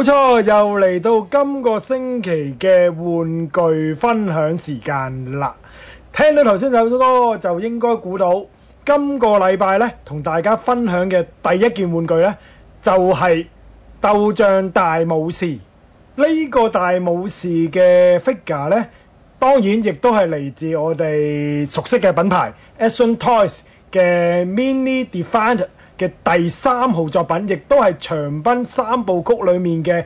冇錯，又嚟到今個星期嘅玩具分享時間啦！聽到頭先首歌，就應該估到，今個禮拜呢，同大家分享嘅第一件玩具呢，就係、是《鬥將大武士》呢、這個大武士嘅 figure 呢，當然亦都係嚟自我哋熟悉嘅品牌 Action Toys。嘅 mini defend 嘅第三號作品，亦都係長濱三部曲裡面嘅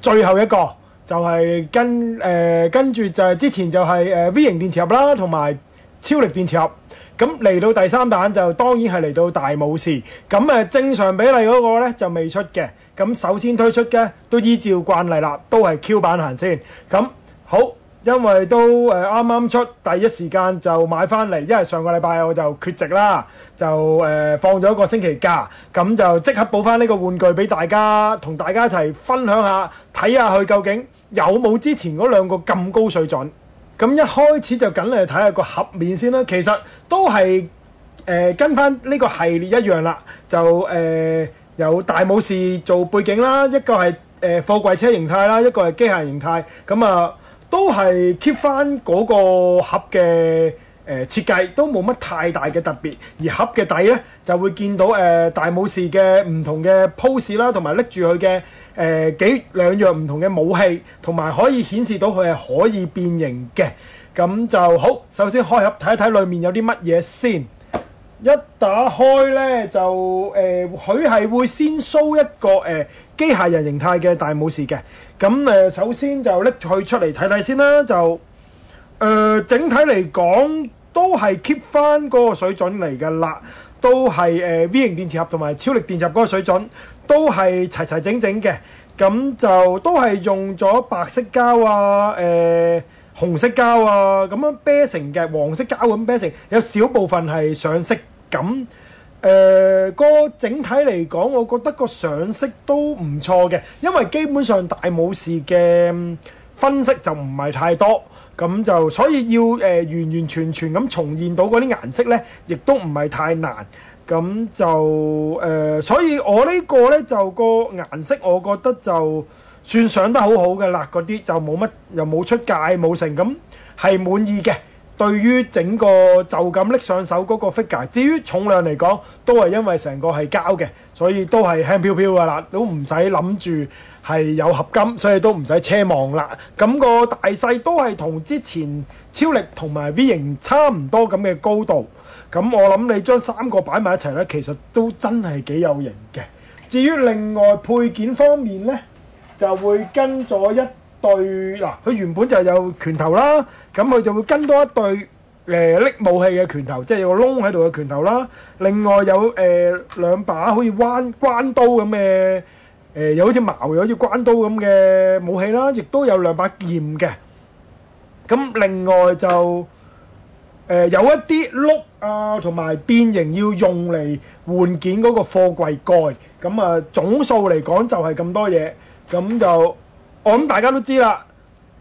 最後一個，就係、是、跟誒、呃、跟住就係、是、之前就係、是、誒、呃、V 型電磁俠啦，同埋超力電磁俠，咁嚟到第三彈，就當然係嚟到大武士，咁誒正常比例嗰個咧就未出嘅，咁首先推出嘅都依照慣例啦，都係 Q 版行先，咁好。因為都誒啱啱出，第一時間就買翻嚟。因為上個禮拜我就缺席啦，就誒、呃、放咗一個星期假，咁就即刻補翻呢個玩具俾大家，同大家一齊分享下，睇下佢究竟有冇之前嗰兩個咁高水準。咁一開始就梗係睇下個盒面先啦。其實都係誒、呃、跟翻呢個系列一樣啦，就誒、呃、有大武士做背景啦，一個係誒貨櫃車形態啦，一個係機械形態，咁啊。都係 keep 翻嗰個盒嘅誒、呃、設計，都冇乜太大嘅特別。而盒嘅底呢，就會見到誒、呃、大武士嘅唔同嘅 pose 啦，同埋拎住佢嘅誒幾兩樣唔同嘅武器，同埋可以顯示到佢係可以變形嘅。咁就好，首先開盒睇一睇裡面有啲乜嘢先。一打開呢，就誒，佢、呃、係會先 show 一個誒、呃、機械人形態嘅，大武士嘅。咁誒、呃、首先就拎佢出嚟睇睇先啦。就誒、呃、整體嚟講都係 keep 翻嗰個水準嚟嘅啦，都係誒、呃、V 型電池盒同埋超力電池盒嗰個水準，都係齊齊整整嘅。咁就都係用咗白色膠啊、誒、呃、紅色膠啊咁樣啤成嘅，黃色膠咁啤成，有少部分係上色。咁誒、呃、個整體嚟講，我覺得個上色都唔錯嘅，因為基本上大武士嘅分析就唔係太多，咁就所以要誒、呃、完完全全咁重現到嗰啲顏色呢，亦都唔係太難，咁就誒、呃，所以我呢個呢，就個顏色我覺得就算上得好好嘅啦，嗰啲就冇乜又冇出界冇成咁，係滿意嘅。對於整個就咁拎上手嗰個 figure，至於重量嚟講，都係因為成個係膠嘅，所以都係輕飄飄㗎啦，都唔使諗住係有合金，所以都唔使奢望啦。咁個大細都係同之前超力同埋 V 型差唔多咁嘅高度。咁我諗你將三個擺埋一齊呢，其實都真係幾有型嘅。至於另外配件方面呢，就會跟咗一對嗱，佢原本就有拳頭啦，咁佢就會跟多一對誒拎武器嘅拳頭，即係有個窿喺度嘅拳頭啦。另外有誒兩把好似彎關刀咁嘅誒，又好似矛又好似關刀咁嘅武器啦，亦都有兩把劍嘅。咁另外就誒有一啲碌啊，同埋變形要用嚟換件嗰個貨櫃蓋。咁啊，總數嚟講就係咁多嘢，咁就。我諗大家都知啦，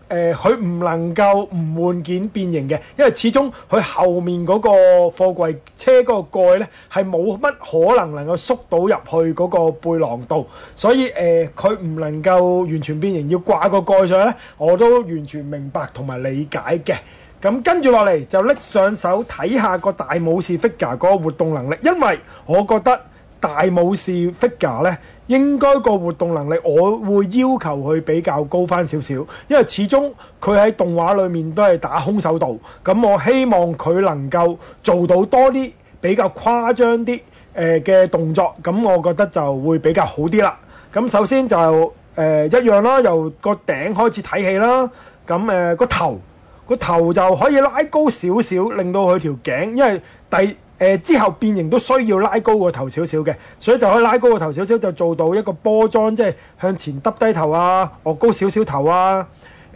誒，佢唔能夠唔換件變形嘅，因為始終佢後面嗰個貨櫃車嗰個蓋呢係冇乜可能能夠縮到入去嗰個背囊度，所以誒佢唔能夠完全變形，要掛個蓋上呢，我都完全明白同埋理解嘅。咁跟住落嚟就拎上手睇下個大武士 figure 嗰個活動能力，因為我覺得大武士 figure 呢。應該個活動能力，我會要求佢比較高翻少少，因為始終佢喺動畫裏面都係打空手道，咁我希望佢能夠做到多啲比較誇張啲誒嘅動作，咁我覺得就會比較好啲啦。咁首先就誒、呃、一樣啦，由個頂開始睇戲啦，咁誒、呃、個頭個頭就可以拉高少少，令到佢條頸，因為第。誒、呃、之後變形都需要拉高個頭少少嘅，所以就可以拉高個頭少少，就做到一個波裝，即係向前耷低頭啊，昂高少少頭啊，誒、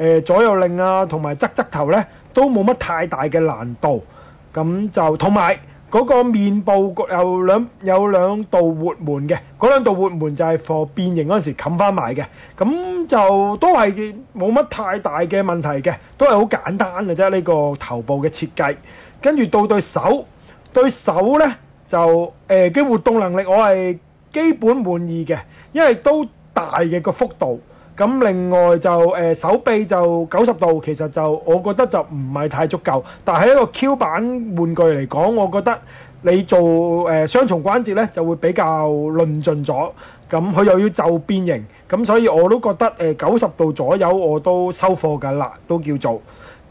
呃、左右擰啊，同埋側側頭呢，都冇乜太大嘅難度。咁就同埋嗰個面部有兩有兩,有兩道活門嘅，嗰兩道活門就係 for 變形嗰陣時冚翻埋嘅。咁就都係冇乜太大嘅問題嘅，都係好簡單嘅啫。呢、這個頭部嘅設計，跟住到對手。對手呢，就誒嘅活動能力，我係基本滿意嘅，因為都大嘅個幅度。咁另外就誒，手臂就九十度，其實就我覺得就唔係太足夠。但係一個 Q 版玩具嚟講，我覺得你做誒雙重關節呢，就會比較論盡咗。咁佢又要就變形，咁所以我都覺得誒，九十度左右我都收貨㗎啦，都叫做。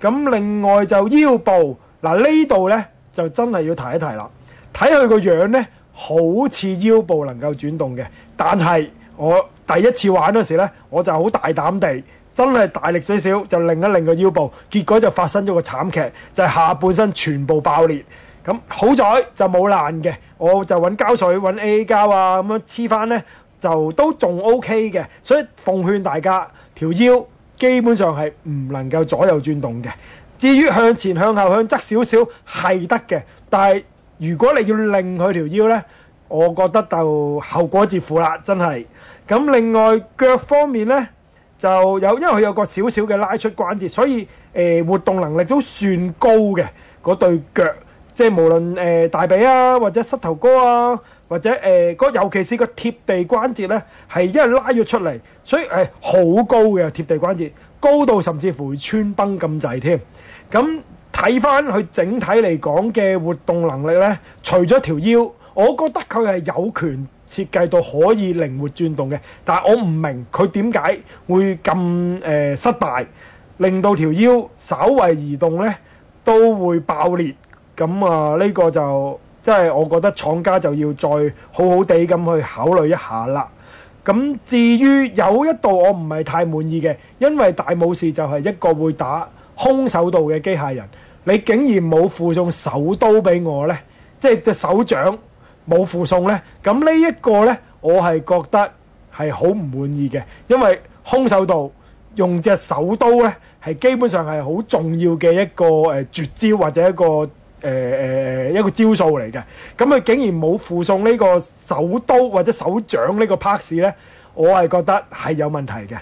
咁另外就腰部嗱呢度呢。就真係要提一提啦，睇佢個樣呢，好似腰部能夠轉動嘅，但係我第一次玩嗰時呢，我就好大膽地，真係大力少少就擰一擰個腰部，結果就發生咗個慘劇，就係、下半身全部爆裂。咁好在就冇爛嘅，我就揾膠水、揾 A A 膠啊咁樣黐翻呢，就都仲 O K 嘅。所以奉勸大家，條腰基本上係唔能夠左右轉動嘅。至於向前、向後、向側少少係得嘅，但係如果你要擰佢條腰咧，我覺得就後果自負啦，真係。咁另外腳方面咧就有，因為佢有個少少嘅拉出關節，所以誒活動能力都算高嘅嗰對腳，即係無論誒大髀啊，或者膝頭哥啊，或者誒嗰尤其是個貼地關節咧，係因為拉咗出嚟，所以係好高嘅貼地關節。高度甚至乎穿崩咁滯添，咁睇翻佢整體嚟講嘅活動能力呢，除咗條腰，我覺得佢係有權設計到可以靈活轉動嘅，但係我唔明佢點解會咁誒、呃、失敗，令到條腰稍為移動呢都會爆裂，咁啊呢、呢個就即係我覺得廠家就要再好好地咁去考慮一下啦。咁至於有一度我唔係太滿意嘅，因為大武士就係一個會打空手道嘅機械人，你竟然冇附送手刀俾我呢？即係隻手掌冇附送呢？咁呢一個呢，我係覺得係好唔滿意嘅，因為空手道用隻手刀呢，係基本上係好重要嘅一個誒絕招或者一個。誒誒、呃、一個招數嚟嘅，咁佢竟然冇附送呢個手刀或者手掌呢個 parts 咧，我係覺得係有問題嘅。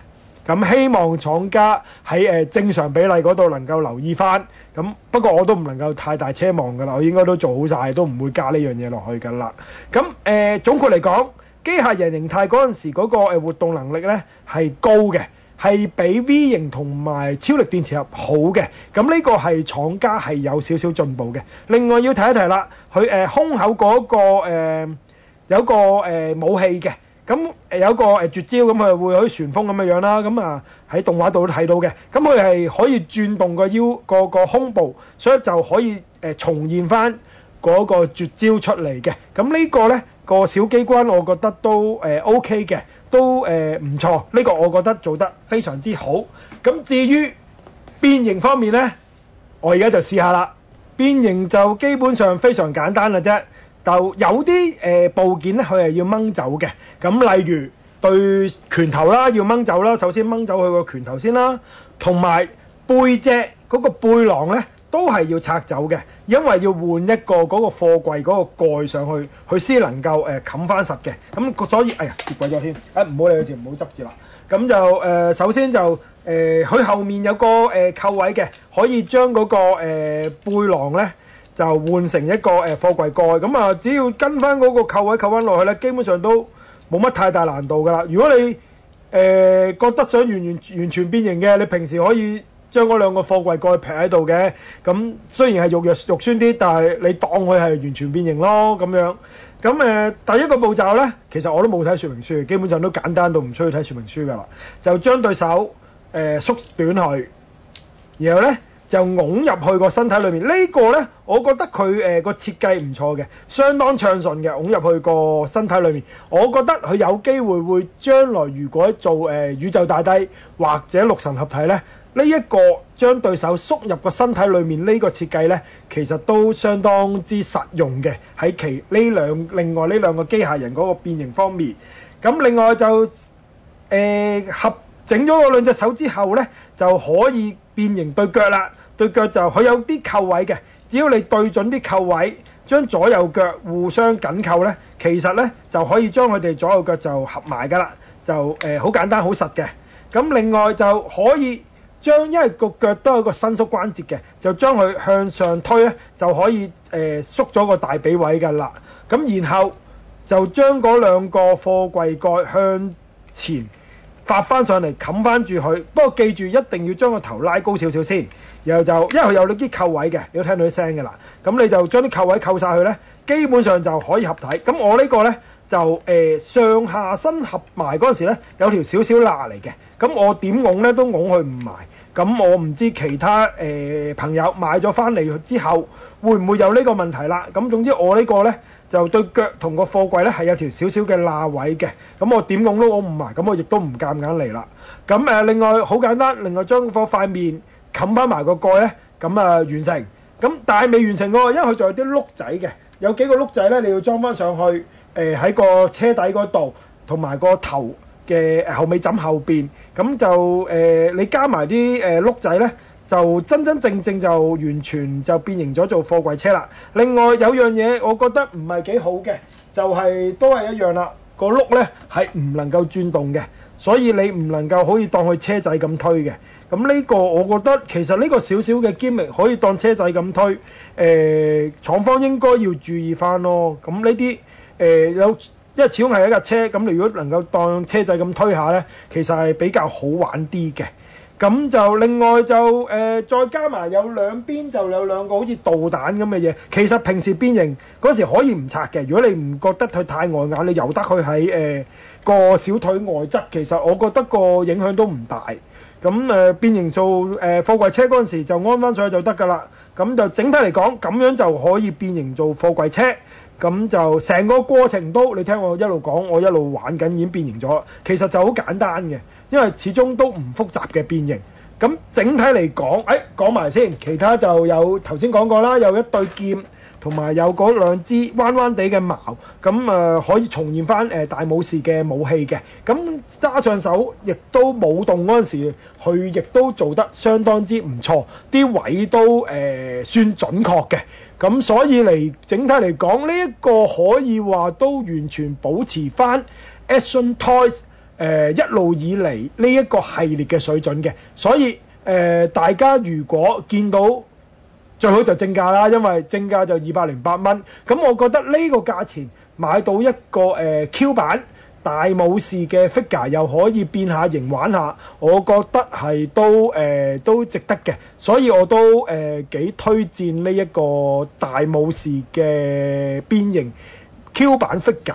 咁希望廠家喺誒、呃、正常比例嗰度能夠留意翻。咁不過我都唔能夠太大奢望㗎啦，我應該都做好晒，都唔會加呢樣嘢落去㗎啦。咁、呃、誒總括嚟講，機械人形態嗰陣時嗰個活動能力咧，係高嘅。係比 V 型同埋超力電磁盒好嘅，咁呢個係廠家係有少少進步嘅。另外要提一提啦，佢誒胸口嗰個誒有個誒武器嘅，咁有個誒絕招，咁佢會有旋風咁嘅樣啦，咁啊喺動畫度都睇到嘅，咁佢係可以轉動個腰個個胸部，所以就可以誒重現翻嗰個絕招出嚟嘅。咁呢個咧。個小機關我覺得都誒、呃、OK 嘅，都誒唔錯，呢、呃這個我覺得做得非常之好。咁至於變形方面呢，我而家就試下啦。變形就基本上非常簡單啦啫，就有啲誒、呃、部件佢係要掹走嘅。咁例如對拳頭啦，要掹走啦，首先掹走佢個拳頭先啦，同埋背脊嗰、那個背囊呢。都係要拆走嘅，因為要換一個嗰個貨櫃嗰個蓋上去，佢先能夠誒冚翻實嘅。咁、呃嗯、所以哎呀跌鬼咗添，誒唔好理佢先，唔好執字啦。咁、嗯、就誒、呃、首先就誒佢、呃、後面有個誒、呃、扣位嘅，可以將嗰、那個、呃、背囊呢就換成一個誒貨櫃蓋。咁、呃、啊、嗯、只要跟翻嗰個扣位扣翻落去呢，基本上都冇乜太大難度㗎啦。如果你誒、呃、覺得想完完完全變形嘅，你平時可以。將嗰兩個貨櫃蓋擗喺度嘅，咁雖然係肉肉酸啲，但係你當佢係完全變形咯咁樣。咁誒第一個步驟咧，其實我都冇睇説明書，基本上都簡單到唔需要睇説明書㗎啦。就將對手誒縮短佢，然後咧就拱入去個身體裡面。呢個咧，我覺得佢誒個設計唔錯嘅，相當暢順嘅，拱入去個身體裡面。我覺得佢有機會會將來如果做誒宇宙大帝或者六神合體咧。呢一，這個將對手縮入個身體裏面，這個，設計呢個設計呢，其實都相當之實用嘅，喺其呢兩另外呢兩個機械人嗰個變形方面。咁、嗯、另外就誒、呃、合整咗個兩隻手之後呢，就可以變形對腳啦。對腳就佢有啲扣位嘅，只要你對準啲扣位，將左右腳互相緊扣呢，其實呢就可以將佢哋左右腳就合埋㗎啦。就誒好、呃、簡單好實嘅。咁、嗯、另外就可以。將因為個腳都有一個伸縮關節嘅，就將佢向上推咧，就可以誒、呃、縮咗個大髀位㗎啦。咁然後就將嗰兩個貨櫃蓋向前發翻上嚟冚翻住佢。不過記住一定要將個頭拉高少少先，然後就因為佢有啲扣位嘅，你都聽到啲聲㗎啦。咁你就將啲扣位扣晒佢咧，基本上就可以合體。咁我個呢個咧。就誒上下身合埋嗰陣時咧，有條少少罅嚟嘅。咁我點㧬咧都㧬佢唔埋。咁我唔知其他誒朋友買咗翻嚟之後會唔會有呢個問題啦。咁總之我呢個咧就對腳同個貨櫃咧係有條少少嘅罅位嘅。咁我點㧬都㧬唔埋，咁我亦都唔夾硬嚟啦。咁誒另外好簡單，另外將個塊面冚翻埋個蓋咧，咁啊完成。咁但係未完成喎，因為佢仲有啲碌仔嘅，有幾個碌仔咧你要裝翻上去。誒喺、呃、個車底嗰度，同埋個頭嘅後尾枕後邊，咁就誒、呃、你加埋啲誒轆仔呢，就真真正正就完全就變形咗做貨櫃車啦。另外有樣嘢我覺得唔係幾好嘅，就係、是、都係一樣啦，個轆呢係唔能夠轉動嘅，所以你唔能夠可以當佢車仔咁推嘅。咁呢個我覺得其實呢個小小嘅 gimmick 可以當車仔咁推，誒、呃、廠方應該要注意翻咯。咁呢啲。誒有，因為始終係一架車，咁你如果能夠當車仔咁推下呢，其實係比較好玩啲嘅。咁就另外就誒，再加埋有兩邊就有兩個好似導彈咁嘅嘢。其實平時變形嗰時可以唔拆嘅，如果你唔覺得佢太礙眼，你由得佢喺誒個小腿外側，其實我覺得個影響都唔大。咁誒變形做誒貨櫃車嗰陣時就安翻上去就得㗎啦。咁就整體嚟講，咁樣就可以變形做貨櫃車。咁就成個過程都，你聽我一路講，我一路玩緊已經變形咗。其實就好簡單嘅，因為始終都唔複雜嘅變形。咁整體嚟講，誒講埋先，其他就有頭先講過啦，有一對劍，同埋有嗰兩支彎彎地嘅矛。咁誒、呃、可以重現翻誒、呃、大武士嘅武器嘅。咁揸上手，亦都舞動嗰陣時，佢亦都做得相當之唔錯，啲位都誒、呃、算準確嘅。咁、嗯、所以嚟整體嚟講呢一個可以話都完全保持翻 Action Toys 誒、呃、一路以嚟呢一個系列嘅水準嘅。所以誒、呃、大家如果見到最好就正價啦，因為正價就二百零八蚊。咁、嗯、我覺得呢個價錢買到一個誒、呃、Q 版。大武士嘅 figure 又可以變下形玩下，我覺得係都誒、呃、都值得嘅，所以我都誒幾、呃、推薦呢一個大武士嘅變形 Q 版 figure。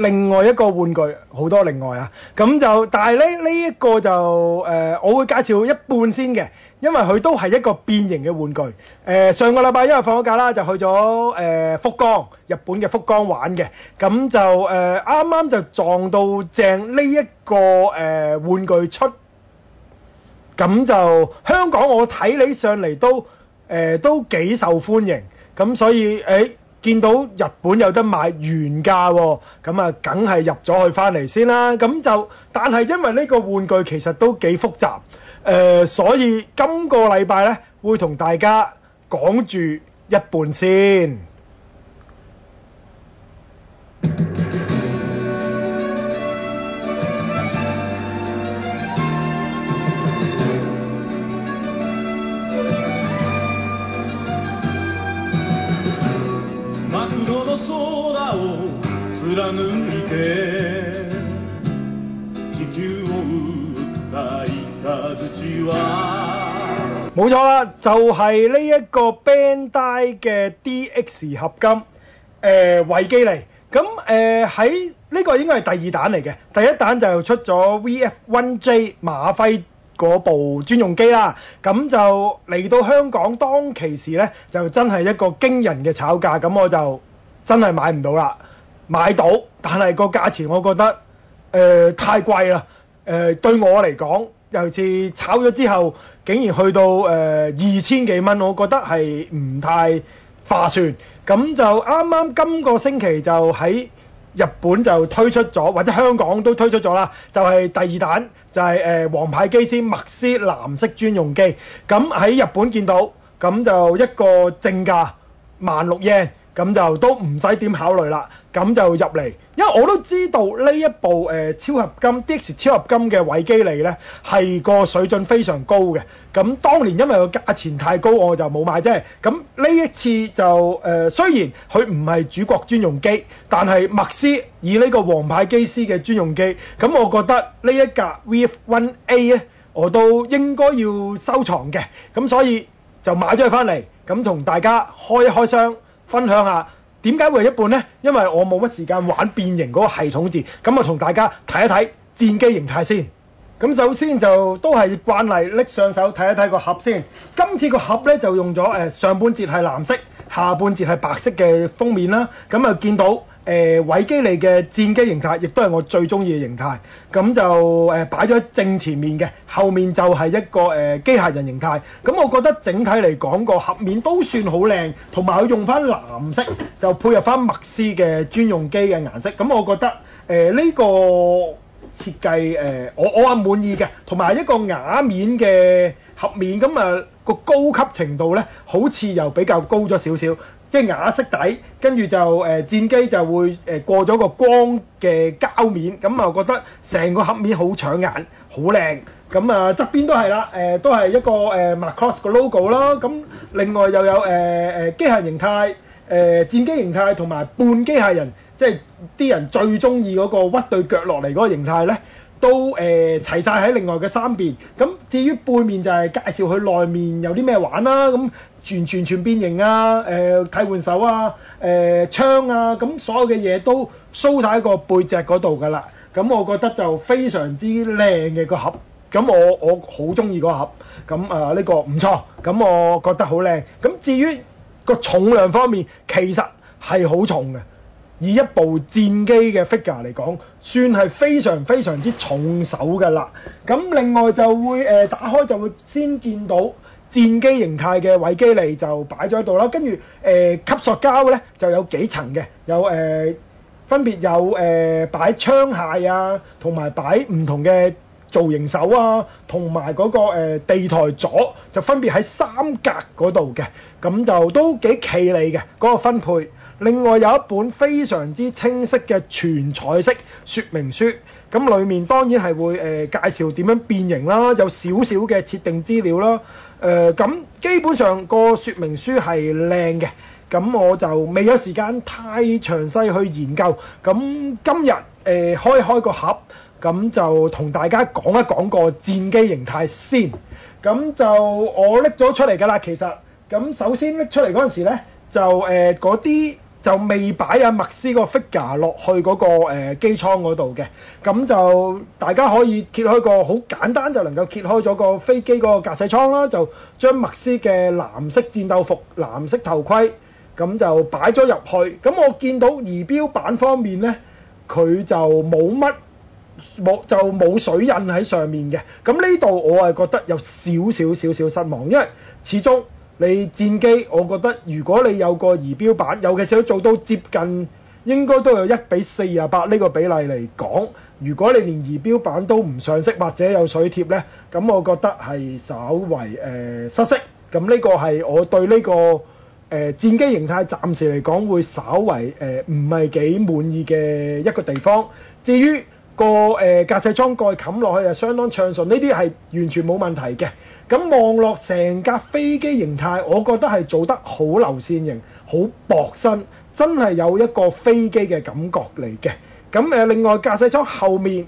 另外一個玩具好多另外啊，咁就但係咧呢一個就誒，我會介紹一半先嘅，因為佢都係一個變形嘅玩具。誒上個禮拜因為放咗假啦，就去咗誒福岡日本嘅福岡玩嘅，咁就誒啱啱就撞到正呢一個誒玩具出，咁就香港我睇你上嚟都誒都幾受歡迎，咁所以誒。見到日本有得買原價喎，哦，咁啊梗係入咗去返嚟先啦。咁就但係因為呢個玩具其實都幾複雜，誒、呃，所以今個禮拜呢，會同大家講住一半先。冇錯啦，就係呢一個 Bandai 嘅 DX 合金誒、呃、維基嚟。咁誒喺呢個應該係第二彈嚟嘅，第一彈就出咗 VF1J 馬輝嗰部專用機啦。咁就嚟到香港當其時呢，就真係一個驚人嘅炒價，咁我就真係買唔到啦。買到，但係個價錢我覺得誒、呃、太貴啦，誒、呃、對我嚟講，尤其炒咗之後，竟然去到誒、呃、二千幾蚊，我覺得係唔太划算。咁就啱啱今個星期就喺日本就推出咗，或者香港都推出咗啦，就係、是、第二彈就係誒皇牌機師麥斯藍色專用機。咁喺日本見到，咁就一個正價萬六 yen 咁就都唔使點考慮啦，咁就入嚟，因為我都知道呢一部誒、呃、超合金 DX 超合金嘅維基利咧係個水準非常高嘅。咁當年因為個價錢太高，我就冇買啫。咁呢一次就誒、呃，雖然佢唔係主角專用機，但係麥斯以呢個王牌機師嘅專用機，咁我覺得呢一架 VF-1A 咧，我都應該要收藏嘅。咁所以就買咗佢翻嚟，咁同大家開一開箱。分享下點解會一半呢？因為我冇乜時間玩變形嗰個系統字，咁我同大家睇一睇戰機形態先。咁首先就都係慣例，拎上手睇一睇個盒先。今次個盒呢，就用咗誒、呃、上半截係藍色，下半截係白色嘅封面啦。咁啊見到。誒維基利嘅戰機形態，亦都係我最中意嘅形態，咁就誒擺咗正前面嘅，後面就係一個誒機械人形態，咁我覺得整體嚟講個盒面都算好靚，同埋佢用翻藍色就配合翻麥斯嘅專用機嘅顏色，咁我覺得誒呢個設計誒我我係滿意嘅，同埋一個瓦面嘅盒面咁啊。個高級程度咧，好似又比較高咗少少，即係牙色底，跟住就誒、呃、戰機就會誒、呃、過咗個光嘅膠面，咁啊覺得成個盒面好搶眼，好靚，咁啊側邊都係啦，誒、呃、都係一個誒、呃、Macross 個 logo 啦，咁另外又有誒誒、呃、機械形態、誒、呃、戰機形態同埋半機械人，即係啲人最中意嗰個屈對腳落嚟嗰個形態咧。都誒、呃、齊晒喺另外嘅三邊，咁至於背面就係介紹佢內面有啲咩玩啦、啊，咁全全全變形啊，誒、呃、替換手啊，誒、呃、槍啊，咁所有嘅嘢都 show 晒喺個背脊嗰度㗎啦，咁我覺得就非常之靚嘅個盒，咁我我好中意個盒，咁啊呢個唔錯，咁我覺得好靚，咁至於個重量方面其實係好重嘅。以一部戰機嘅 figure 嚟講，算係非常非常之重手㗎啦。咁另外就會誒、呃、打開就會先見到戰機形態嘅維基利就擺咗喺度啦。跟住誒、呃、吸塑膠呢，就有幾層嘅，有誒、呃、分別有誒、呃、擺槍械啊，同埋擺唔同嘅造型手啊，同埋嗰個、呃、地台座就分別喺三格嗰度嘅，咁就都幾企理嘅嗰、嗰個分配。另外有一本非常之清晰嘅全彩色說明書，咁裏面當然係會誒、呃、介紹點樣變形啦，有少少嘅設定資料啦，誒、呃，咁基本上個說明書係靚嘅，咁我就未有時間太詳細去研究，咁今日誒、呃、開開個盒，咁就同大家講一講個戰機形態先，咁就我拎咗出嚟㗎啦，其實，咁首先拎出嚟嗰陣時咧，就誒嗰啲。呃就未擺啊，麥斯個 figure 落去嗰個誒機艙嗰度嘅，咁就大家可以揭開個好簡單，就能夠揭開咗個飛機個駕駛艙啦，就將麥斯嘅藍色戰鬥服、藍色頭盔咁就擺咗入去。咁我見到儀表板方面呢，佢就冇乜冇就冇水印喺上面嘅。咁呢度我係覺得有少少少少失望，因為始終。你戰機，我覺得如果你有個儀表板，尤其是佢做到接近，應該都有一比四十八呢個比例嚟講，如果你連儀表板都唔上色或者有水貼呢，咁我覺得係稍為誒、呃、失色。咁呢個係我對呢、呢個誒、呃、戰機形態暫時嚟講會稍為誒唔係幾滿意嘅一個地方。至於、嗰個誒駕駛艙蓋冚落去係相當暢順，呢啲係完全冇問題嘅。咁望落成架飛機形態，我覺得係做得好流線型、好薄身，真係有一個飛機嘅感覺嚟嘅。咁誒，另外駕駛艙後面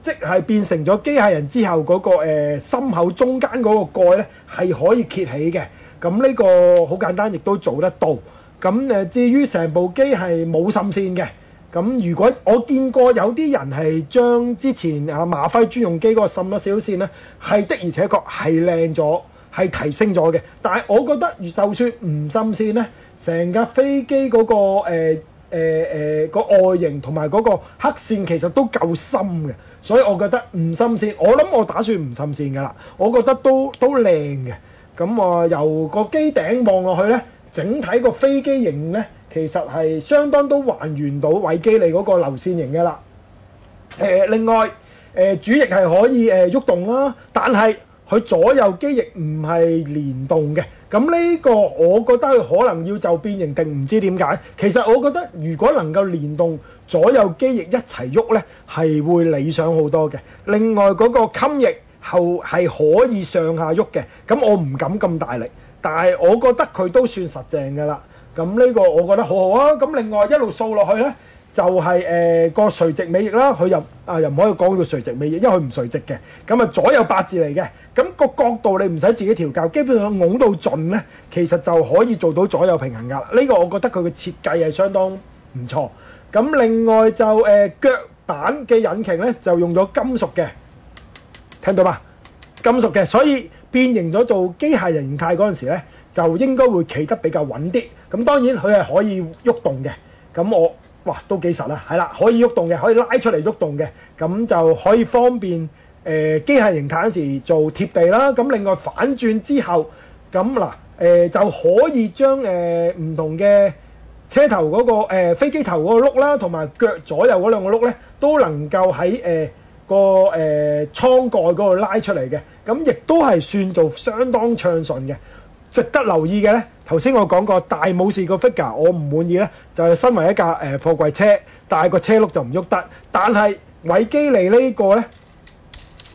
即係變成咗機械人之後嗰個、呃、心口中間嗰個蓋呢，係可以揭起嘅。咁呢個好簡單，亦都做得到。咁誒，至於成部機係冇滲線嘅。咁如果我見過有啲人係將之前啊麻輝專用機嗰個滲咗少少線呢，係的而且確係靚咗，係提升咗嘅。但係我覺得，就算唔滲線呢，成架飛機嗰、嗰個誒誒、呃呃呃、外形同埋嗰個黑線其實都夠深嘅，所以我覺得唔滲線。我諗我打算唔滲線㗎啦，我覺得都都靚嘅。咁、嗯、我、呃、由個機頂望落去呢，整體個飛機型呢。其實係相當都還原到維基利嗰個流線型嘅啦。誒，另外誒，主翼係可以誒喐動啦，但係佢左右機翼唔係連動嘅。咁呢個我覺得佢可能要就變形定唔知點解。其實我覺得如果能夠連動左右機翼一齊喐呢，係會理想好多嘅。另外嗰個襟翼後係可以上下喐嘅，咁我唔敢咁大力，但係我覺得佢都算實淨㗎啦。咁呢個我覺得好好啊！咁另外一路掃落去咧，就係誒個垂直尾翼啦，佢又啊又唔可以講到垂直尾翼，因為佢唔垂直嘅。咁啊左右八字嚟嘅，咁個角度你唔使自己調校，基本上拱到盡咧，其實就可以做到左右平衡噶。呢個我覺得佢嘅設計係相當唔錯。咁另外就誒腳板嘅引擎咧，就用咗金屬嘅，聽到吧？金屬嘅，所以變形咗做機械人態嗰陣時咧。就應該會企得比較穩啲，咁當然佢係可以喐動嘅，咁我，哇，都幾實喇，係啦，可以喐動嘅，可以拉出嚟喐動嘅，咁就可以方便誒機械形態嗰時做貼地啦，咁另外反轉之後，咁嗱誒就可以將誒唔同嘅車頭嗰個誒飛機頭嗰個轆啦，同埋腳左右嗰兩個轆咧，都能夠喺誒個誒倉蓋嗰度拉出嚟嘅，咁亦都係算做相當暢順嘅。值得留意嘅呢，頭先我講過大武士個 figure，我唔滿意呢，就係、是、身為一架誒貨櫃車，但係個車轆就唔喐得。但係維基尼呢個呢，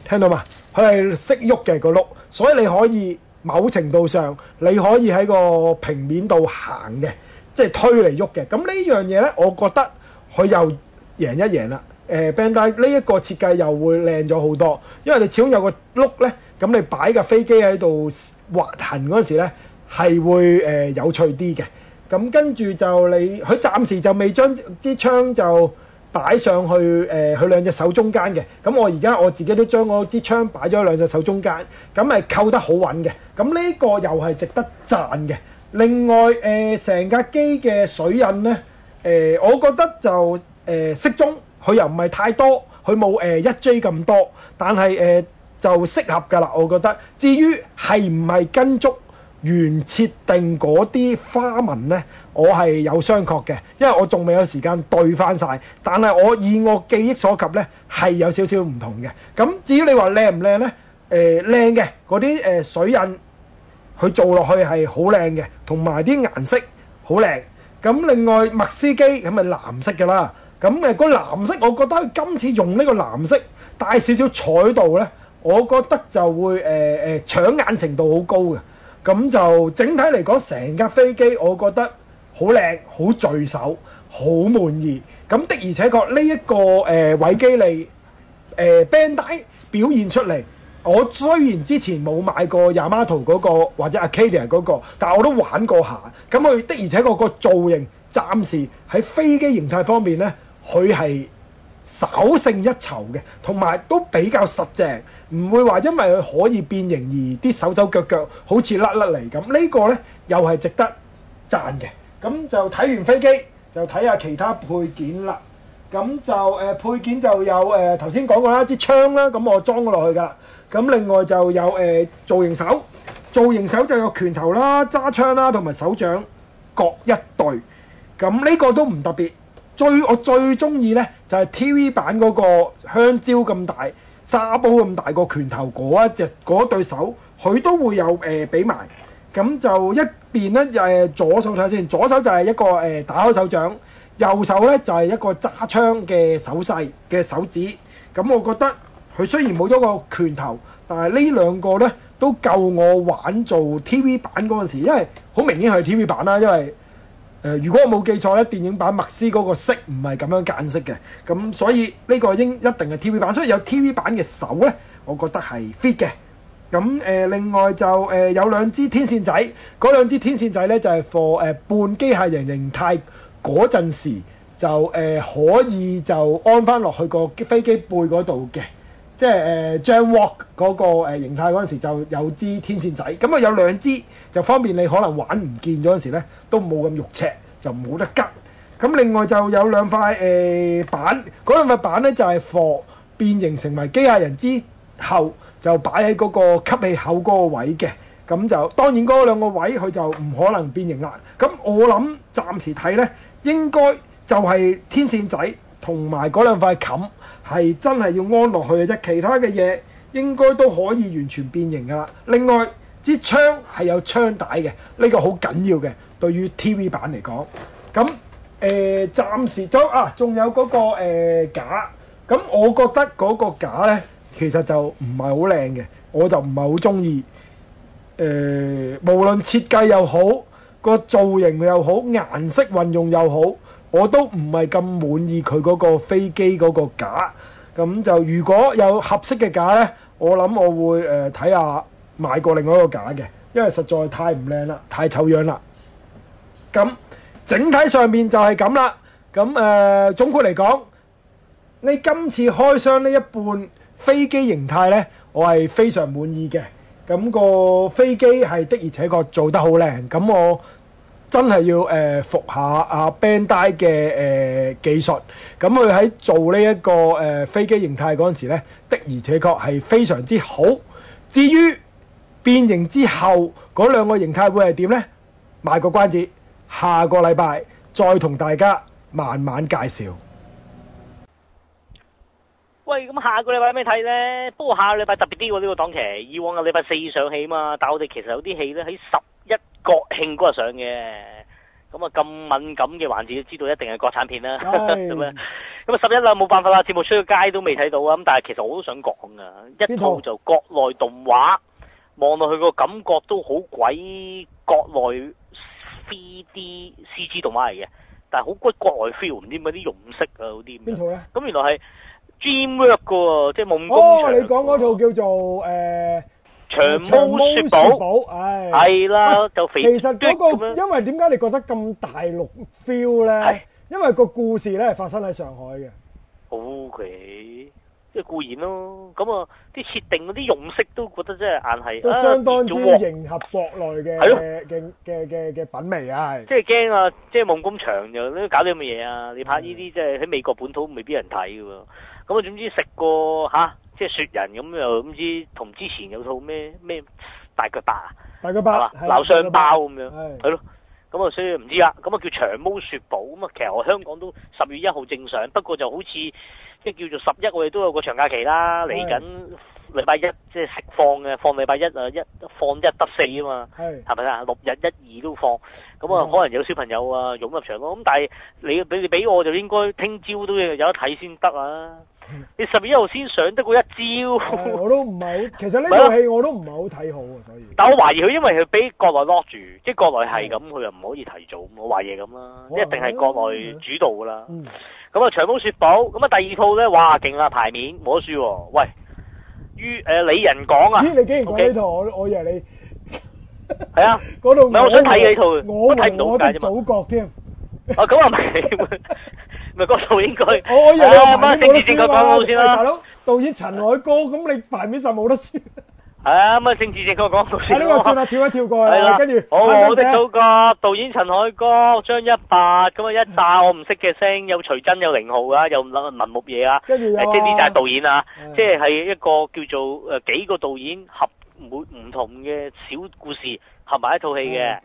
聽到嘛？佢係識喐嘅個轆，所以你可以某程度上你可以喺個平面度行嘅，即係推嚟喐嘅。咁呢樣嘢呢，我覺得佢又贏一贏啦。誒 Bandai 呢一個設計又會靚咗好多，因為你始終有個碌咧，咁你擺架飛機喺度滑行嗰陣時咧係會誒有趣啲嘅。咁跟住就你佢暫時就未將支槍就擺上去誒佢兩隻手中間嘅。咁我而家我自己都將嗰支槍擺咗兩隻手中間，咁係扣得好穩嘅。咁呢個又係值得讚嘅。另外誒，成架機嘅水印咧誒，我覺得就誒適中。佢又唔係太多，佢冇誒一 J 咁多，但係誒就適合㗎啦，我覺得。至於係唔係跟足原設定嗰啲花紋咧，我係有商榷嘅，因為我仲未有時間對翻曬。但係我以我記憶所及咧，係有少少唔同嘅。咁至於你話靚唔靚咧？誒靚嘅嗰啲誒水印，佢做落去係好靚嘅，同埋啲顏色好靚。咁另外麥斯基咁咪藍色㗎啦。咁誒個藍色，我覺得今次用呢個藍色大少少彩度呢，我覺得就會誒誒、呃呃、搶眼程度好高嘅。咁、嗯、就整體嚟講，成架飛機我覺得好靚、好聚首、好滿意。咁、嗯、的而且確呢、這、一個誒偉、呃、基利誒、呃、band 帶表現出嚟，我雖然之前冇買過亞馬遜嗰個或者阿 Kilian 嗰個，但我都玩過下。咁、嗯、佢、嗯、的而且確個造型，暫時喺飛機形態方面呢。佢係稍勝一籌嘅，同埋都比較實淨，唔會話因為佢可以變形而啲手手腳腳好似甩甩嚟咁。呢、這個呢又係值得讚嘅。咁就睇完飛機，就睇下其他配件啦。咁就誒、呃、配件就有誒頭先講過啦，支槍啦，咁我裝咗落去㗎。咁另外就有誒、呃、造型手，造型手就有拳頭啦、揸槍啦同埋手掌各一對。咁呢個都唔特別。最我最中意呢就係 TV 版嗰個香蕉咁大、沙煲咁大個拳頭嗰一隻嗰對手，佢都會有誒俾埋。咁、呃、就一邊呢就誒、呃、左手睇下先，左手就係一個誒、呃、打開手掌，右手呢就係、係、一個揸槍嘅手勢嘅手指。咁我覺得佢雖然冇咗個拳頭，但係呢兩個呢都夠我玩做 TV 版嗰陣時，因為好明顯係 TV 版啦，因為。誒、呃，如果我冇記錯咧，電影版麥斯嗰個色唔係咁樣間色嘅，咁所以呢個應一定係 T.V. 版，所以有 T.V. 版嘅手咧，我覺得係 fit 嘅。咁誒、呃，另外就誒、呃、有兩支天線仔，嗰兩支天線仔咧就係、是、for 誒、呃、半機械人形、形態嗰陣時就誒、呃、可以就安翻落去個飛機背嗰度嘅。即係誒、uh，Jawok 嗰、那個、uh, 形態嗰陣時就有支天線仔，咁啊有兩支就方便你可能玩唔見咗嗰陣時咧，都冇咁肉赤，就冇得急。咁另外就有兩塊誒、uh, 板，嗰兩塊板咧就係、是、貨變形成為機械人之後，就擺喺嗰個吸氣口嗰個位嘅。咁就當然嗰兩個位佢就唔可能變形啦。咁我諗暫時睇咧，應該就係天線仔。同埋嗰兩塊冚係真係要安落去嘅啫，其他嘅嘢應該都可以完全變形㗎啦。另外，支槍係有槍帶嘅，呢個好緊要嘅，對於 TV 版嚟講。咁誒，暫時都啊，仲有嗰個誒架。咁我覺得嗰個架呢，其實就唔係好靚嘅，我就唔係好中意。誒，無論設計又好，個造型又好，顏色運用又好。我都唔係咁滿意佢嗰個飛機嗰個架，咁就如果有合適嘅架呢，我諗我會誒睇下買過另外一個架嘅，因為實在太唔靚啦，太醜樣啦。咁整體上面就係咁啦。咁誒總括嚟講，你今次開箱呢一半飛機形態呢，我係非常滿意嘅。咁個飛機係的而且確做得好靚。咁我。真係要誒、呃、服下阿、啊、Bandai 嘅誒、呃、技術，咁佢喺做呢、這、一個誒、呃、飛機形態嗰陣時咧，的而且確係非常之好。至於變形之後嗰兩個形態會係點呢？賣個關子，下個禮拜再同大家慢慢介紹。喂，咁下個禮拜有咩睇呢？不過下個禮拜特別啲喎，呢、這個檔期，以往個禮拜四上戲嘛，但係我哋其實有啲戲呢喺十國慶嗰日上嘅，咁啊咁敏感嘅環節，知道一定係國產片啦。咁啊 Yes. 嗯，咁啊十一啦，冇辦法啦，節目出到街都未睇到啊。咁但係其實我都想講噶，一套就國內動畫，望落去個感覺都好鬼國內 3D CG 動畫嚟嘅，但係好鬼國外 feel，唔知咪啲用色啊，嗰啲咩？邊套咧？咁原來係 Dreamwork 嘅，即係夢、oh, 工場你講套叫做誒。呃長毛雪寶，唉、哎，係啦，就肥。其實、嗰個因為點解你覺得咁大陸 feel 咧？係的因為個故事咧發生喺上海嘅。O、okay, K，即係固然咯，咁啊，啲設定嗰啲用色都覺得真係硬係。相當之迎合國內嘅。嘅嘅嘅嘅品味啊，係。即係驚啊！即係夢工場就搞啲咁嘅嘢啊！你拍呢啲即係喺美國本土未必有人睇嘅喎。咁啊，總之食過吓。即係雪人咁又唔知，同之前有套咩咩大腳八啊，係嘛？鬧雙包咁樣，係咯的，咁啊的所以唔知啦，咁啊叫長毛雪寶。咁啊其實我香港都十月一號正常，不過就好似即係叫做十一，我哋都有個長假期啦，嚟緊禮拜一即係、食、放嘅，放禮拜一啊一放一得四啊嘛，係咪啊？六的日一二都放，咁啊可能有小朋友啊湧的的、啊、入場咯，咁但係你你俾我就應該聽朝都要有得睇先得啊。你十一號先上得嗰一招，我都唔係好，其實呢套戲我都唔係好睇好，所以。但我懷疑佢，因為佢俾國內 lock 住，即係國內係咁，佢又唔可以提早，我懷疑咁啦，一定係國內主導噶啦。咁啊，長風雪堡，咁啊第二套咧，哇，勁啦，排面，冇得輸喎。喂，于誒李仁港啊？咦，你竟然講呢套，我我以為你係啊，講唔係我想睇嘅套，我睇唔到嘅啫嘛。啊，咁啊唔係。咪嗰套應該，係啊，乜政治正確講好先啦，大佬。導演陳凱歌，咁你排名上冇得輸。係啊，乜政治正確講好先。係呢個跳下跳一跳過啦。係啦，跟住。好，我的祖國導演陳凱歌、張一白，咁啊一炸我唔識嘅聲，有徐崢有寧浩啊，有文牧野啊。跟住。即呢就係導演啊，即係一個叫做誒幾個導演合每唔同嘅小故事合埋一套戲嘅。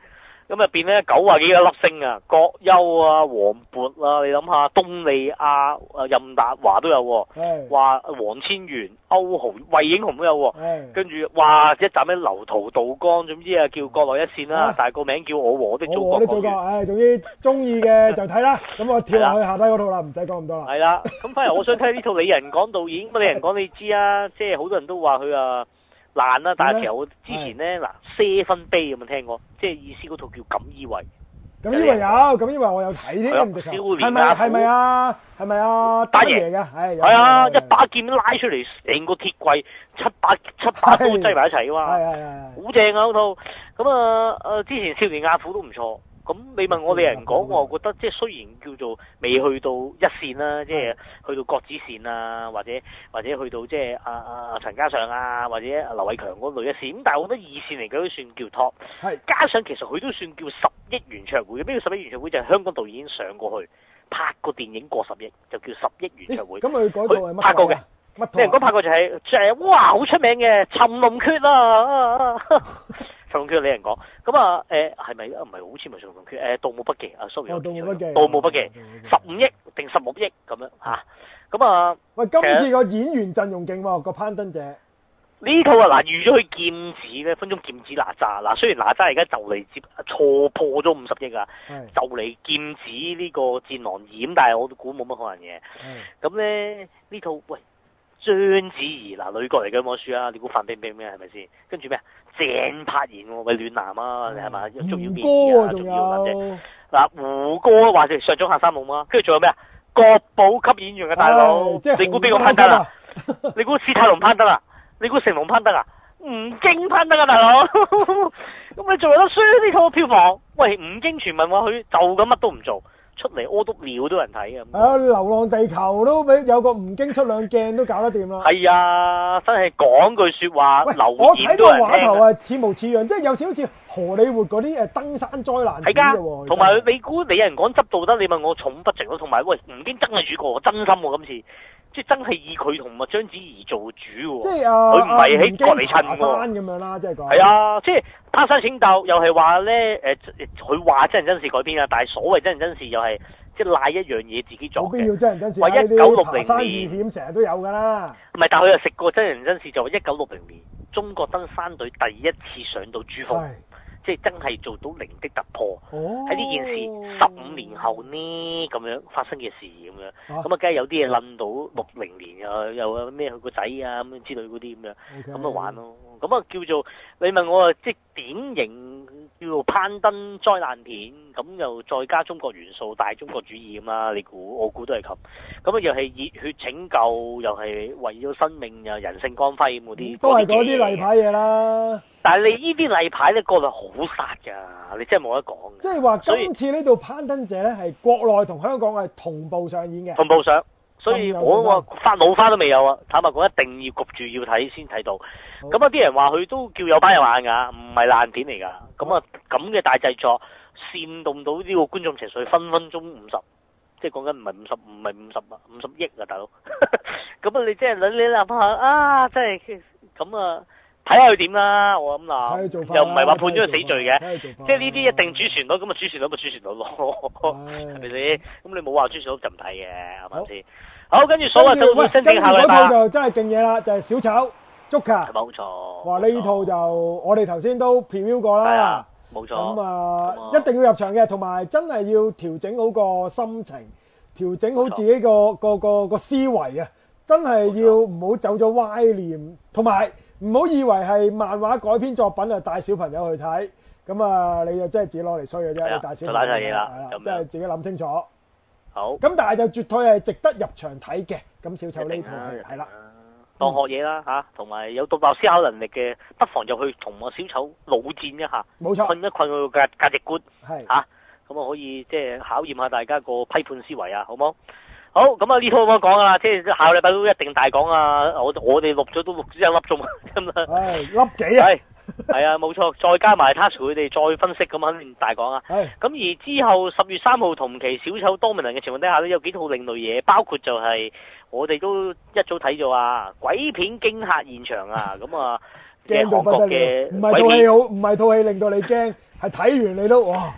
咁入邊咧九啊幾粒星啊，葛優啊、黃渤啊，你諗下，佟麗婭啊、任達華都有、啊，話王的千源、歐豪、惠英紅都有、啊，跟住哇一集咩《劉濤杜江，總之啊叫國內一線啦、啊，啊、但係個名叫我和我的祖國，唉人、哎，總之中意嘅就睇啦，咁 我跳下去下低嗰套啦，唔使講咁多啦。係啦，咁翻嚟我想睇呢套李仁港導演，李 仁港你知啊，即係好多人都話佢啊。就是爛啦，但係其實我之前咧嗱，佘分杯有冇聽過？即係意思嗰套叫錦衣衛。錦衣衛有，錦衣衛我有睇添。少年係咪啊？係咪啊？打贏嘅係啊，一把劍拉出嚟，成個鐵櫃七把七把刀擠埋一齊啊嘛，好正啊！嗰套咁啊，誒，之前少年阿虎都唔錯。咁你問我哋人講，我覺得即係雖然叫做未去到一線啦，即係去到郭子綺啊，或者或者去到即係阿阿陳嘉上啊，或者劉偉強嗰類嘅線，咁但係我覺得二線嚟講都算叫 top。加上其實佢都算叫十億元唱會，咩叫十億元唱會就係香港導演上過去拍個電影過十億就叫十億元唱會。咁佢、欸、拍過嘅，乜？你人即拍過就係即係哇，好出名嘅《尋龍訣》啊！ 《神龍訣》你人講，咁啊，誒、嗯，係咪唔係好似咪《神龍訣》？誒，《盜墓筆記》啊，sorry，《盜墓筆記》十五億定十六億咁樣吓，咁啊，喂，今次個演員陣容勁喎，個《攀登者》呢套啊，嗱，預咗佢劍指咧，分鐘劍指哪吒，嗱、啊，雖然哪吒而家就嚟接錯破咗五十億啊，就嚟劍指呢個《戰狼二》，咁但係我都估冇乜可能嘅，咁咧呢套喂。章子怡嗱、呃、女角嚟嘅嗰本書啊，你估范冰冰咩係咪先？跟住咩啊？鄭柏言喎、哦，喂，暖男啊，你係、啊啊、嘛？胡歌啊，仲要嗱胡歌話事上咗下山冇嘛，跟住仲有咩啊？國寶級演員嘅、啊、大佬，哎啊、你估邊個攀得啊， 啊？你估史泰龍攀得啊？你估成龍攀得啊？吳京攀得啊，大佬，咁 你做有得輸呢？拖票房？喂，吳京傳聞話佢就咁乜都唔做。出嚟屙督尿都有人睇嘅，啊！流浪地球都俾有個吳京出兩鏡都搞得掂啦。係啊、哎，真係講句説話，喂流傳都人聽我睇個話頭係似模似樣，即係有少少似荷里活嗰啲誒登山災難片嘅。同埋你估你有人講執道得，你問我，你問我重不重？同埋喂，吳京真係主角，真心喎今次。 即真係以佢同章子怡做主喎，即係佢唔係喺隔離襯喎咁樣啦，即係講啊，即係拍《啊、山請鬥，又係話咧誒，佢話真人真事改編啊，但係所謂真人真事又係即係賴一樣嘢自己作嘅，冇必要真人真事。喂，一九六零年，成日都有㗎啦。唔係，但係佢又食過真人真事，就話一九六零年中國登山隊第一次上到珠峰。即係真係做到零的突破，喺呢、哦、件事十五年後呢咁樣發生嘅事咁樣，咁啊梗係有啲嘢諗到六零年又又有咩佢個仔啊咁樣之類嗰啲咁樣，咁啊玩咯，咁啊叫做你問我啊，即係典型叫做攀登災難片，咁又再加中國元素、大中國主義咁嘛。你估我估都係咁，咁啊又係熱血拯救，又係為咗生命又人性光輝嗰啲、嗯，都係嗰啲例牌嘢啦。啊但係你呢啲例牌咧，國內好殺㗎，你真係冇得講。即係話今次呢度攀登者咧係國內同香港係同步上演嘅。同步上，所以我話發老花都未有啊！坦白講，一定要焗住要睇先睇到。咁啊的，啲人話佢都叫有班人玩㗎，唔係爛片嚟㗎。咁啊的，咁嘅大製作煽動到呢個觀眾情緒，分分鐘五十，即係講緊唔係五十，唔係五十啊，五十億啊，大佬。咁 啊，你即係諗你男下，啊，真係咁啊！睇下佢點啦，我諗啦，又唔係話判咗佢死罪嘅，即係呢啲一定主旋律，咁啊主旋律咪主旋律囉，係咪先？咁你冇話主旋律就唔睇嘅，係咪先？好，跟住所謂，跟嗰套就真係勁嘢啦，就係小醜 Joker，係咪？冇錯！哇！呢套就我哋頭先都 preview 過啦，冇錯。咁啊，一定要入場嘅，同埋真係要調整好個心情，調整好自己個個個個思維啊！真係要唔好走咗歪念，同埋。唔好以為係漫畫改編作品就帶小朋友去睇，咁啊，你就真係自己攞嚟衰嘅啫，了帶小朋友。攋曬嘢啦，真係了自己諗清楚。好。咁但係就絕對係值得入場睇嘅，咁小丑呢套戲啦，當學嘢啦嚇，同、啊、埋有獨立思考能力嘅，不妨就去同個小丑老戰一下。冇錯。困一困佢個價值觀。係的。嚇、啊，咁啊可以即係考驗下大家個批判思維啊，好冇？好，咁啊呢套我講啊，即係下個禮拜都一定大講 啊！我我哋錄咗都錄咗一粒鐘咁啦。唉，粒幾啊？係係啊，冇錯，再加埋 Tasuku 佢哋再分析，咁肯定大講啊！係是。咁而之後十月三號同期小丑多面人嘅情況底下咧，有幾套另類嘢，包括就係、是、我哋都一早睇咗啊！鬼片驚嚇現場啊！咁啊驚到不得了。唔係套戲好，唔係套戲令到你驚，係睇 完你都哇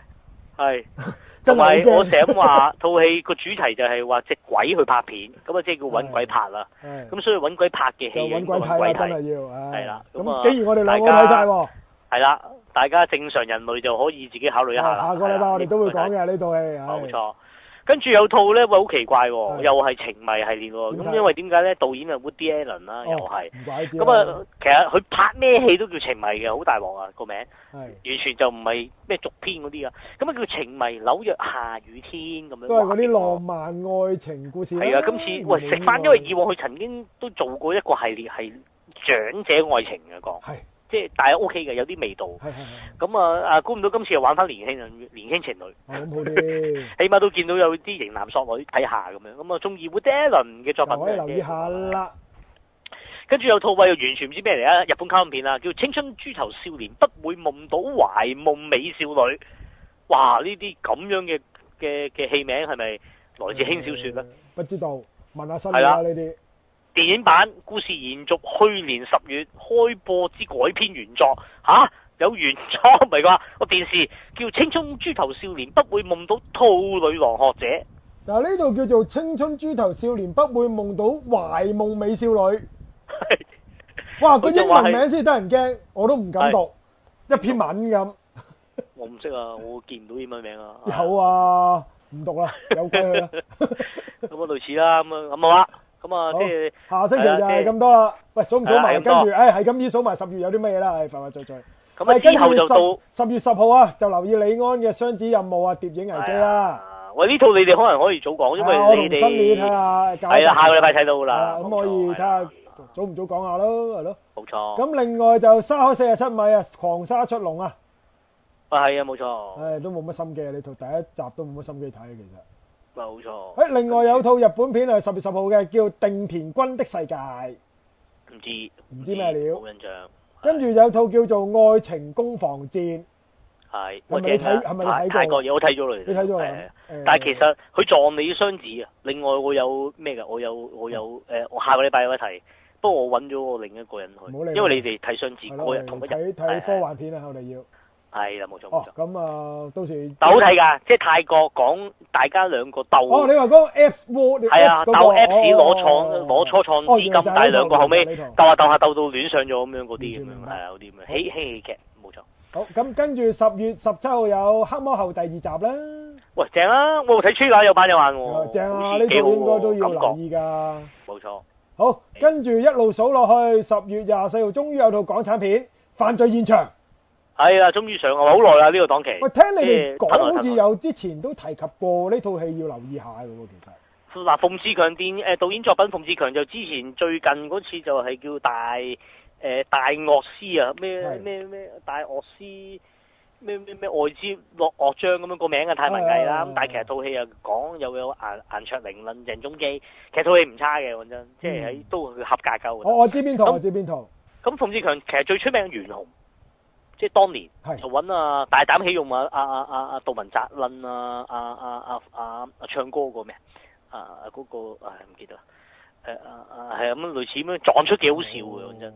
係。是 唔係，因為我成日話套戲個主題就係話隻鬼去拍片，咁啊即係叫揾鬼拍啦。咁所以揾鬼拍嘅戲要揾鬼睇，真係要，係啦，咁啊、嗯，既然我哋大家，睇曬，係啦，大家正常人類就可以自己考慮一下啦。下個禮拜的我哋都會講嘅呢套戲，冇的錯。跟住有套咧，喂，好奇怪喎，又係情迷系列喎，咁因為點解咧？導演係，Woody Allen 啦，又係，咁啊，其實佢拍咩戲都叫情迷嘅，好大鑊啊個名，係完全就唔係咩續編嗰啲啊，咁啊叫情迷紐約下雨天咁樣，都係嗰啲浪漫愛情故事。係啊，今次喂食翻，因為以往佢曾經都做過一個系列係長者愛情嘅講。即係，大家 O K 嘅，有啲味道。係咁、嗯、啊，啊估唔到今次又玩翻年輕人、年輕情侶。 起碼都見到有啲型男索女睇下咁樣。咁、嗯、啊，中意 Woody Allen 嘅作品嘅留意下啦。跟住有套位又完全唔知咩嚟啊！日本卡通片啊，叫《青春豬頭少年不會夢到懷夢美少女》。哇！呢啲咁樣嘅嘅嘅戲名係咪來自輕小說啊、嗯？唔知道，問下新料啦呢啲。電影版故事延續去年十月開播之改編原作，吓、啊、有原作唔係啩，個電視叫《青春豬頭少年不會夢到兔女郎學姐》。嗱呢度叫做《青春豬頭少年不會夢到懷夢美少女》。 哇！個英文名先得人驚，我都唔敢讀， 一篇文咁。 我唔識啊，我見唔到英文名啊， 有啊，唔讀啦，有過咁啊， 類似啦，咁啊，咁啊。咁啊，跟住下星期就係咁多啦。喂，數唔數埋？跟住，誒，係咁依數埋十月有啲乜嘢啦？係，繁繁贅贅。咁啊，跟住就十十月十號啊，就留意李安嘅雙子任務啊，《疊影危機》啦。喂呢套你哋可能可以早講，因為你哋新年睇啦。係啦，下個禮拜睇到噶啦，咁可以睇下早唔早講下咯，係咯。冇錯。咁另外就沙海四十七米啊，狂沙出籠啊。啊，係啊，冇錯。誒，都冇乜心機啊，呢套第一集都冇乜心機睇啊，其實。啊，冇錯！誒，另外有套日本片係十月十號嘅，叫《定田君的世界》，唔知唔知咩料，冇印象。跟住有套叫做《愛情攻防戰》，係係咪睇係咪睇過？泰國嘢我睇咗嚟，你睇咗？係係，但係其實佢撞你啲雙子啊！另外我有咩嘅？我有我有誒，我下個禮拜有得睇，不過我揾咗我另一個人去，冇嚟，因為你哋睇雙子，我日同一日睇科幻片啦，後嚟要。係啦，冇錯冇錯。咁啊，到時都好睇噶，即係泰國講大家兩個鬥。哦，你話嗰個 Apps War，係啊，鬥 Apps 攞創攞初創資金，但係兩個後屘鬥下鬥下鬥到亂上咗咁樣嗰啲咁樣，係啊嗰啲咁樣喜喜喜劇，冇錯。好，咁跟住十月十七號有《黑魔后》第二集啦。喂，正啊，我睇 Twitter 有班人玩喎。正啊，呢套應該都要留意噶。冇錯。好，跟住一路數落去，十月廿四號終於有套港產片《犯罪現場》。係啊，終於上岸。好耐啦，呢個檔期。喂，聽你講好似有之前都提及過呢套戲，要留意下嘅喎。其實嗱，馮志強電誒導演作品，馮志強就之前最近嗰次就係叫大誒大樂師啊，咩咩咩大樂師，咩咩咩外資落樂章咁樣個名啊，太文藝啦。咁但係其實套戲又講有有顏顏卓靈論鄭中基，其實套戲唔差嘅，講真，即係喺都合格夠嘅。我我知邊套，我知邊套。咁馮志強其實最出名袁弘。即係當年就揾啊，大膽起用啊啊啊啊杜汶澤撚啊啊啊啊啊唱歌嗰咩啊嗰個唔記得誒啊啊係咁類似咁樣撞出幾好笑嘅講真。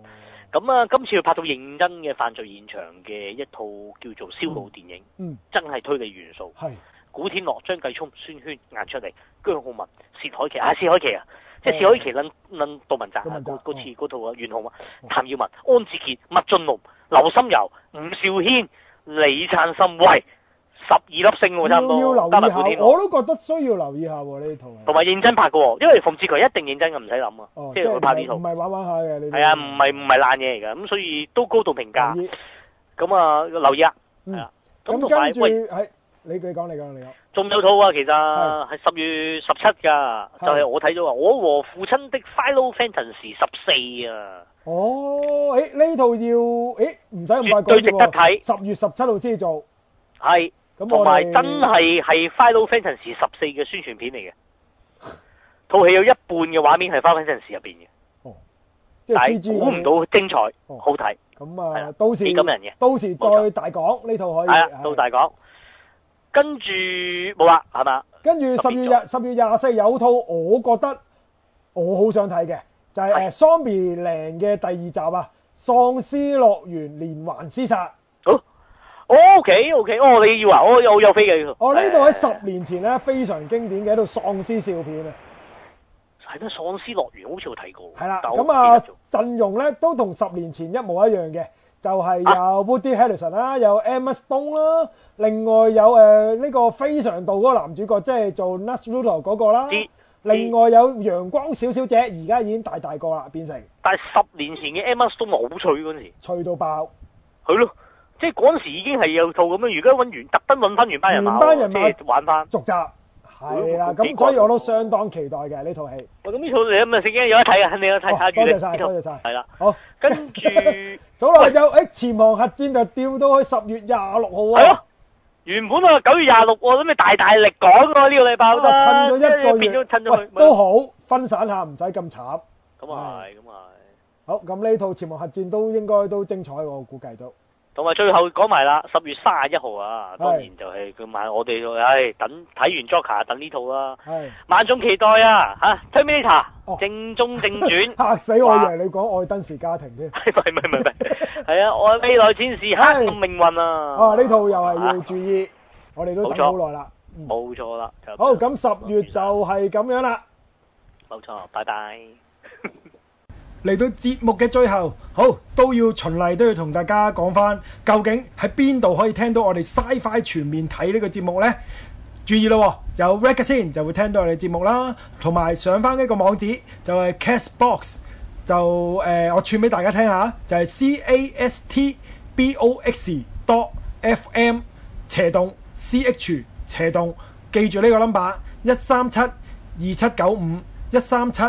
咁啊今次佢拍到認真嘅犯罪現場嘅一套叫做燒腦電影，真係推理元素係古天樂、張繼聰、孫軒晏出嚟，姜浩文、薛凱琪啊薛凱琪啊，即係薛凱琪撚撚杜汶澤嗰嗰次嗰套啊袁浩文、譚耀文、安志傑、麥浚龍。劉心悠、吳兆軒、李燦森，喂，十二粒星喎，差唔多。要留意下，我都覺得需要留意下喎呢套。同埋認真拍嘅，因為馮志強一定認真嘅，唔使諗啊。哦，即係佢拍呢套，唔係玩玩下嘅。係啊，唔係唔係爛嘢嚟噶，咁所以都高度評價。咁啊，留意啊，係啦。咁同埋，喂，你你講，你講，你講。仲有套啊，其實係十月十七噶，就係我睇咗啊，《我和父親的 Final Fantasy 十四》啊。哦，誒呢套要誒唔使咁快過。絕對值得睇。十月十七號先做。係。咁我同埋真係係 Final Fantasy 十四嘅宣傳片嚟嘅。套戲有一半嘅畫面係 Final Fantasy 入邊嘅。哦。即係。估唔到精彩，好睇。咁啊，到時到時再大講呢套可以。係啊，到大講。跟住冇啦，係嘛？跟住十月廿十月廿四有套，我覺得我好想睇嘅，就係、是、誒《喪屍零》嘅第二集啊，《喪屍樂園連環屍殺》。好。O K O K，哦你以為啊，我有我有飛嘅哦呢度喺十年前咧非常經典嘅一套喪屍笑片啊。係得喪屍樂園》 好似我睇過。係啦，咁啊 陣容咧都同十年前一模一樣嘅。就係有 Woody Harrelson 啦，有 Emma Stone 啦，另外有誒呢個非常道嗰個男主角，即係做 Nuts Rooter 嗰個啦。另外有陽光小小姐，而家已經大大個啦，變成。但係十年前嘅 Emma Stone 好脆嗰陣時，脆到爆。係咯，即係嗰陣時已經係有套咁樣。而家揾完，特登揾翻原班人。原班人馬即係玩翻續集。係啦，咁所以我都相當期待嘅呢套戲。喂咁呢套你咁啊，成日有得睇啊，肯定有睇。多謝晒，多謝晒。係啦，好跟住。所羅又誒，潛航核戰就掉到去十月廿六號啊！係咯，原本啊九月廿六，我都未大大力講喎呢個禮拜好都趁咗一個月，都咗、呃、去。喂是都好分散下，唔使咁慘。咁啊係，咁啊係。好，咁呢套潛航核戰都應該都精彩喎，我估計都。同埋最後講埋啦，十月三十一號啊，當然就係佢晚我哋唉等睇完 Joker 等呢套啦，萬眾期待啊嚇，Terminator 正中正傳，嚇死我以為你講愛登士家庭啫，唔係唔係唔係，啊，愛未來戰士黑暗命運啊！啊呢套又係要注意，我哋都等好耐啦，冇錯啦，好咁十月就係咁樣啦，冇錯，拜拜。嚟到節目嘅最後，好都要循例都要同大家講翻，究竟喺邊度可以聽到我哋 Sci-Fi 全面睇呢個節目呢？注意咯，有 Radio e 先就會聽到我哋節目啦，同埋上翻呢個網址就係、是、Castbox，就誒、呃、我串俾大家聽下，就係、是、c a s t b o x dot f m 斜洞 C-H 斜洞，記住呢個 number 一三七二七九五一三七。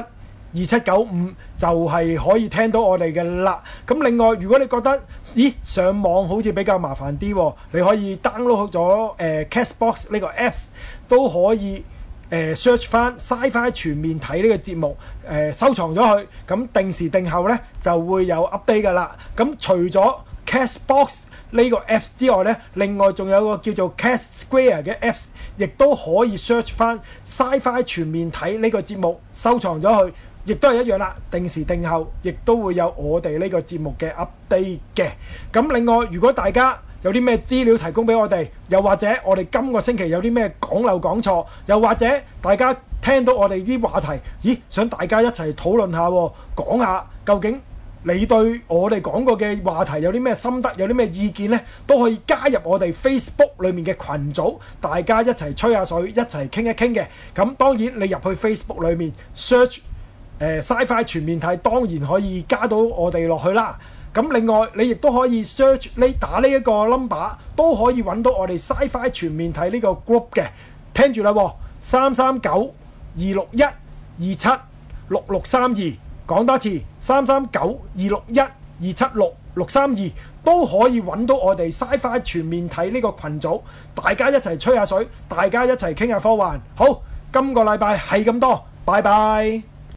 二七九五就係可以聽到我哋嘅啦。咁另外，如果你覺得咦上網好似比較麻煩啲，你可以 download 咗誒、呃、Castbox 呢個 apps 都可以誒 search 返 Sci-Fi 全面睇呢個節目，誒、呃、收藏咗佢，咁、嗯、定時定後呢就會有 update 㗎喇。咁、嗯、除咗 Castbox 呢個 apps 之外呢，另外仲有個叫做 CastSquare 嘅 apps，亦都可以 search 返 Sci-Fi 全面睇呢個節目，收藏咗佢。亦都係一樣啦，定時定候，亦都會有我哋呢個節目嘅 update 嘅。咁另外，如果大家有啲咩資料提供俾我哋，又或者我哋今個星期有啲咩講漏講錯，又或者大家聽到我哋啲話題，咦，想大家一齊討論下，講下究竟你對我哋講過嘅話題有啲咩心得，有啲咩意見呢，都可以加入我哋 Facebook 裏面嘅群組，大家一齊吹下水，一齊傾一傾嘅。咁當然你入去 Facebook 裏面 search。誒，Sci-Fi 全面睇當然可以加到我哋落去啦。咁另外你亦都可以 search 呢打呢一個 number 都可以揾到我哋 Sci-Fi 全面睇呢個 group 嘅。聽住啦，三三九二六一二七六六三二，講多次三三九二六一二七六六三二都可以揾到我哋 Sci-Fi 全面睇呢個群組，大家一齊吹下水，大家一齊傾下科幻。好，今個禮拜係咁多，拜拜。